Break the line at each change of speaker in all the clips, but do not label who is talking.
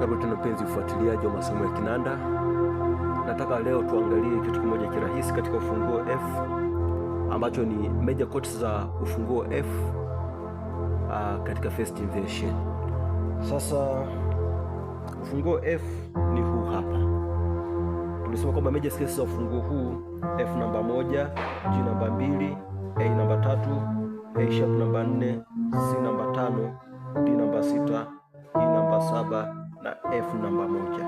Karibu tena mpenzi ufuatiliaji wa masomo ya kinanda. Nataka leo tuangalie kitu kimoja kirahisi katika ufunguo F ambacho ni major chords za ufunguo F uh, katika first inversion.
Sasa ufunguo F ni huu hapa. Tulisema kwamba major scales za ufunguo huu F namba moja, G namba mbili, A namba tatu, A sharp namba nne, C namba tano, D namba sita, E namba saba na F namba moja.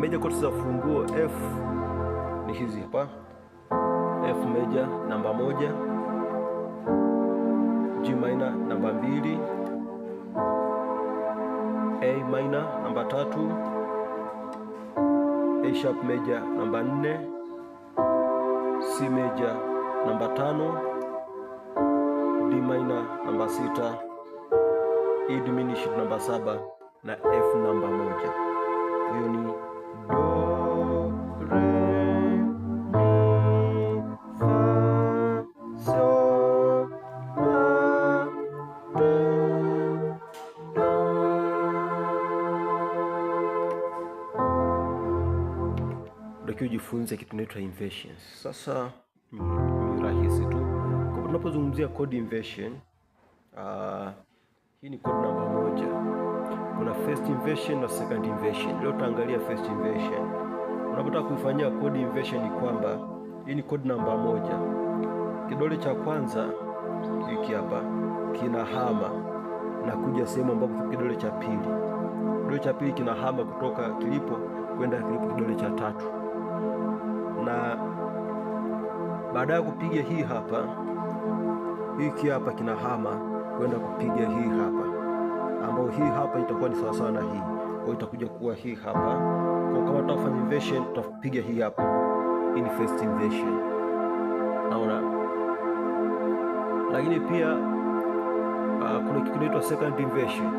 Meja koti za funguo F ni hizi hapa: F meja namba moja, G minor namba mbili, A minor namba tatu, A sharp meja namba nne, C meja namba tano, D minor namba sita E diminished namba saba na F namba moja. Hiyo ni do re mi fa so la do do.
Ndio ujifunze kitu kinaitwa inversions.
Sasa ni rahisi tu kwa tunapozungumzia chord inversion uh, hii ni code namba moja. Kuna first inversion na second inversion. Leo tutaangalia first inversion. Unapotaka kuifanyia code inversion ni kwamba hii ni code namba moja. Kidole cha kwanza hiki hapa kinahama na kuja sehemu ambapo kidole cha pili. Kidole cha pili kinahama kutoka kilipo kwenda kilipo kidole cha tatu. Na baada ya kupiga hii hapa hiki hapa kinahama kwenda kupiga hii hapa, ambayo hii hapa itakuwa ni sawasawa na hii, kwa itakuja kuwa hii hapa. Kwa kama tutafanya inversion, tutapiga hii hapa, hii ni first inversion, naona. Lakini pia uh, kuna kitu kinaitwa second inversion.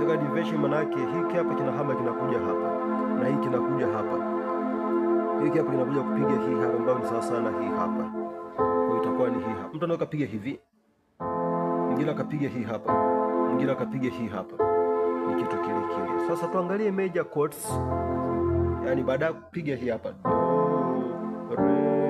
Second inversion maana yake hiki hapa kinahama kinakuja hapa na hii kinakuja hapa hiki hapa kinakuja kupiga hii hapa ambayo ni sawa sana hii hapa, kwa itakuwa ni hii hapa. Mtu anaweza kupiga hivi mwingine akapiga hii hapa, mwingine akapiga hii hapa, ni kitu kile kile. Sasa tuangalie major chords, yani baada ya kupiga hii hapa do, re,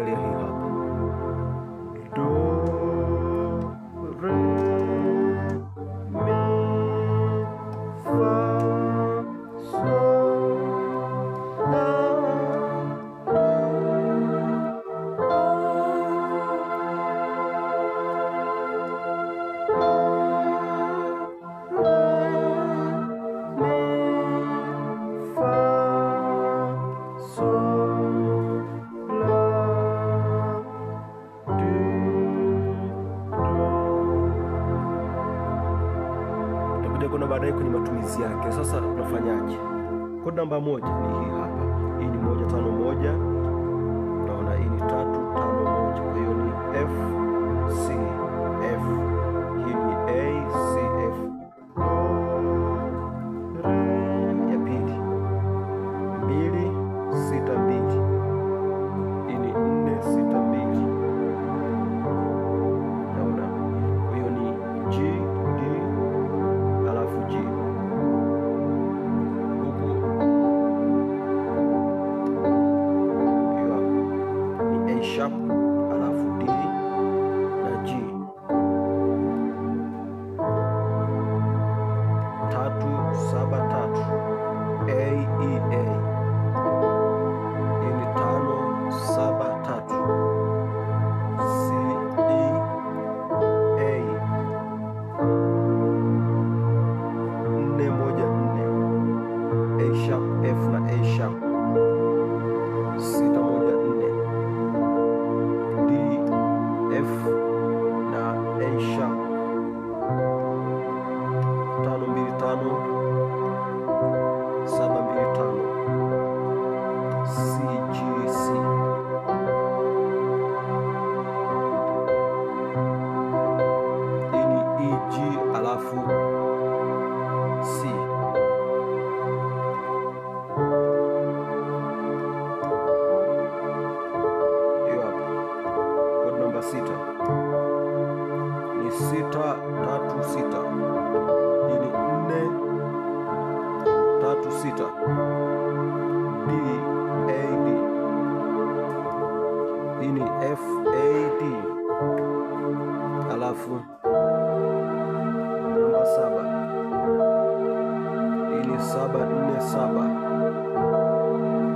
Evangelio kuna baadaye kwenye matumizi yake. Sasa tunafanyaje? Kodi namba moja ni hii hapa, hii ni moja tano moja sharp see. alafu Namba saba, hii ni saba nne saba,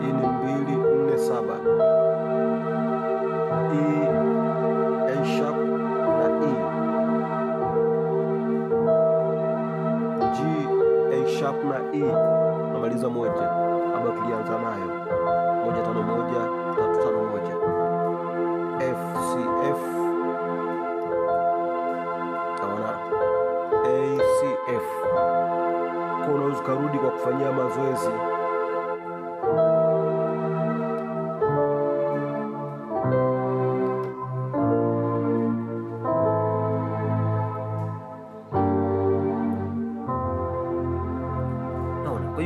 hii ni mbili nne saba, hii e, A sharp na E, G A sharp na E, namaliza moja ambayo tulianza nayo moja tano moja tukarudi kwa kufanyia mazoezi.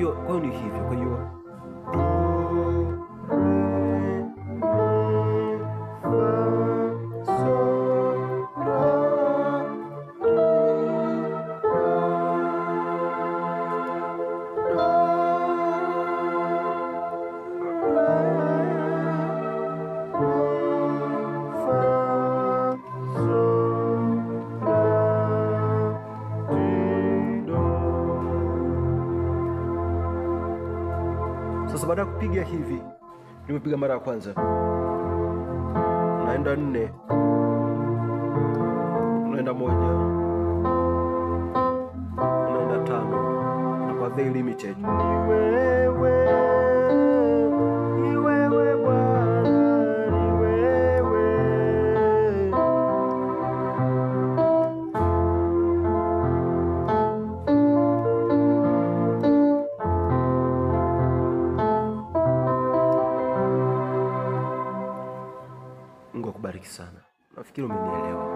Kwa hiyo ni hivyo, kwa hiyo Sasa baada ya kupiga hivi, nimepiga mara ya kwanza, naenda nne, naenda moja, naenda tano, na kwa the limited ni wewe 公里呢？